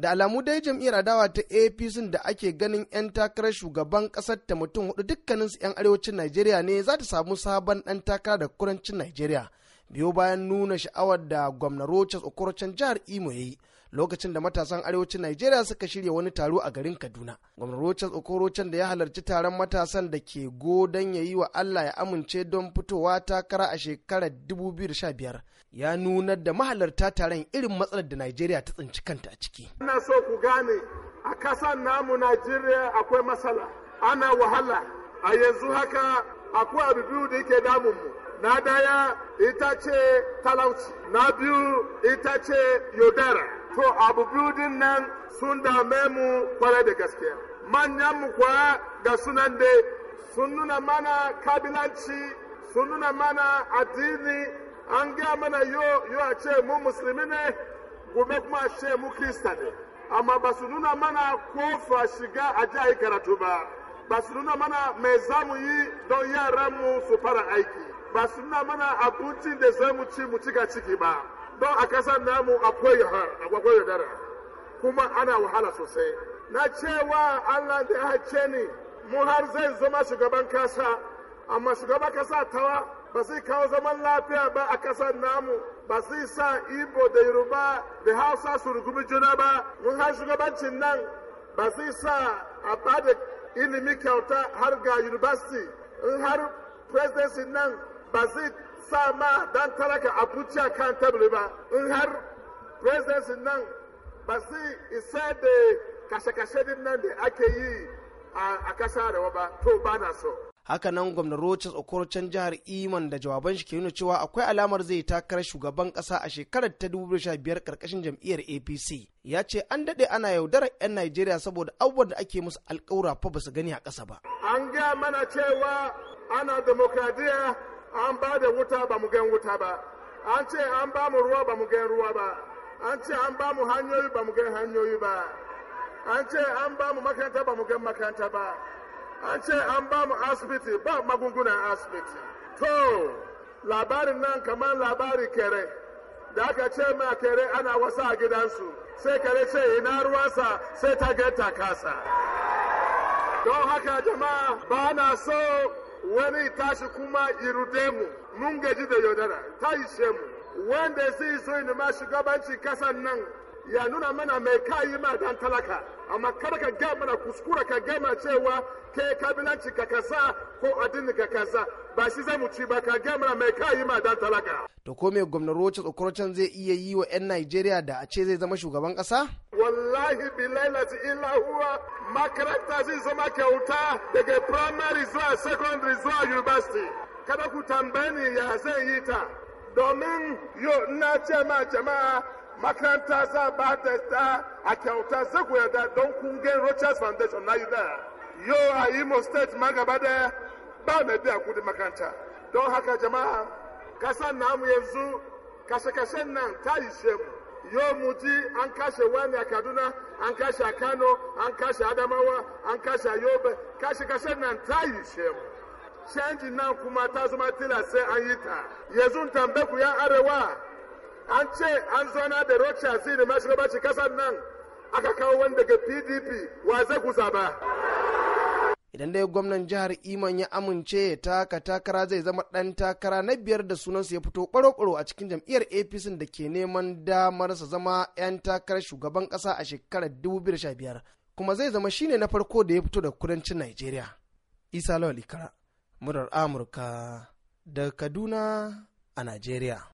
da alamu dai jam'iyyar adawa ta apc da ake ganin 'yan takarar shugaban kasar ta mutum hudu dukkaninsu 'yan arewacin najeriya ne za ta samu sabon dan takara da kurancin najeriya biyo bayan nuna sha'awar da gwamna rochas okorocen jihar imo ya yi lokacin da matasan arewacin Najeriya suka shirya wani taro a garin Kaduna. Gwamnan Rochas Okorochan da ya halarci taron matasan da ke go don ya yi wa Allah ya amince don fitowa takara a shekarar 2015 ya nunar da mahalarta taron irin matsalar da Najeriya ta tsinci kanta a ciki. Ina so ku gane a kasan namu Najeriya akwai matsala, ana wahala, a yanzu haka akwai abu biyu da yake mu. Na daya ita ce talauci, na biyu ita ce yodara. to abu biyu din nan sun dame mu kwarai da gaskiya manyan mu kuwa ga sunan da sun nuna mana kabilanci sun nuna mana addini an gaya mana yo yo a ce mu musulmi ne gobe kuma a ce mu krista ne amma ba su nuna mana kofa shiga a ji karatu ba ba su nuna mana mai zamu yi don mu su fara aiki ba su nuna mana abincin da zamu ci mu cika ciki ba don a kasar namu akwai dara kuma ana wahala sosai na cewa allah da hace ni mu har zai zama shugaban kasa amma shugaban kasa tawa ba zai kawo zaman lafiya ba a kasar namu ba zai sa ibo da yoruba da hausa su rugumi juna ba mun har shugabancin nan ba zai sa a ba da ilimi kyauta har ga university in har presidency nan ba zai sama ma dan talaka a kuciya kan tabiri ba in har presidency nan ba su isa da kashe-kashe din nan da ake yi a kasa da ba to ba na so hakanan gwamnan rochas okorocen jihar iman da jawaban shi ke nuna cewa akwai alamar zai takarar shugaban kasa a shekarar ta 2015 karkashin jam'iyyar apc ya ce an daɗe ana yaudarar 'yan najeriya saboda abubuwan da ake musu alkawura fa ba su gani a kasa ba an ga mana cewa ana demokradiyya an ba da wuta ba mu gan wuta ba an ce an ba mu ruwa ba mu gan ruwa ba an ce an ba mu hanyoyi ba mu gan hanyoyi ba an ce an ba mu makaranta ba mu gan makaranta ba an ce an ba mu asibiti ba magungunan asibiti to labarin nan kamar labari kere da aka ce ma kere ana wasa a gidansu sai Kere ce ina ruwansa sai ta ganta kasa don haka jama'a ba na so wani tashi kuma ya mu mun gaji da yaudara ta ishe mu wanda zai so ne ma shugabanci kasan nan ya nuna mana mai kayi ma dan talaka amma kada ka ga mana kuskura ka gama cewa ke kabilanci ka kaza ko addini ka kaza ba shi zai mu ci ba ka gama mai ka yi ma dan talaka. To ko me gwamnan Rocha Tsokorocen zai iya yi wa 'yan Najeriya da a ce zai zama shugaban kasa. Wallahi bilailati illa huwa makaranta zai zama kyauta daga primary zuwa secondary zuwa university. Kada ku tambayi ya zai yi ta. Domin yo na ce ma jama'a makaranta za ba ta ta a kyauta zai ku yarda don kungiyar Rochas Foundation na yi da. yo a Imo State ma gaba daya ba na biya kudin makaranta don haka jama'a kasan namu yanzu kashe-kashen nan ta ishe mu Yo mu ji an kashe wani a kaduna an kashe a kano an kashe adamawa an kashe a yobe kashe-kashen nan ta ishe mu canji nan kuma ta zama tilasta an yi ta yanzu tambe ku ya arewa an ce an zona da rocha zini gabaci kasar nan aka kawo wanda ga pdp wa zai gusa ba idan dai gwamnan jihar iman ya amince ya taka takara zai zama ɗan takara na biyar da sunansa ya fito kwaro-kwaro a cikin jam'iyyar apc da ke neman damar sa zama 'yan takarar shugaban ƙasa a shekarar 2015 kuma zai zama shine na farko da ya fito da kudancin nigeria isa lawal ikara murar amurka da kaduna a nigeria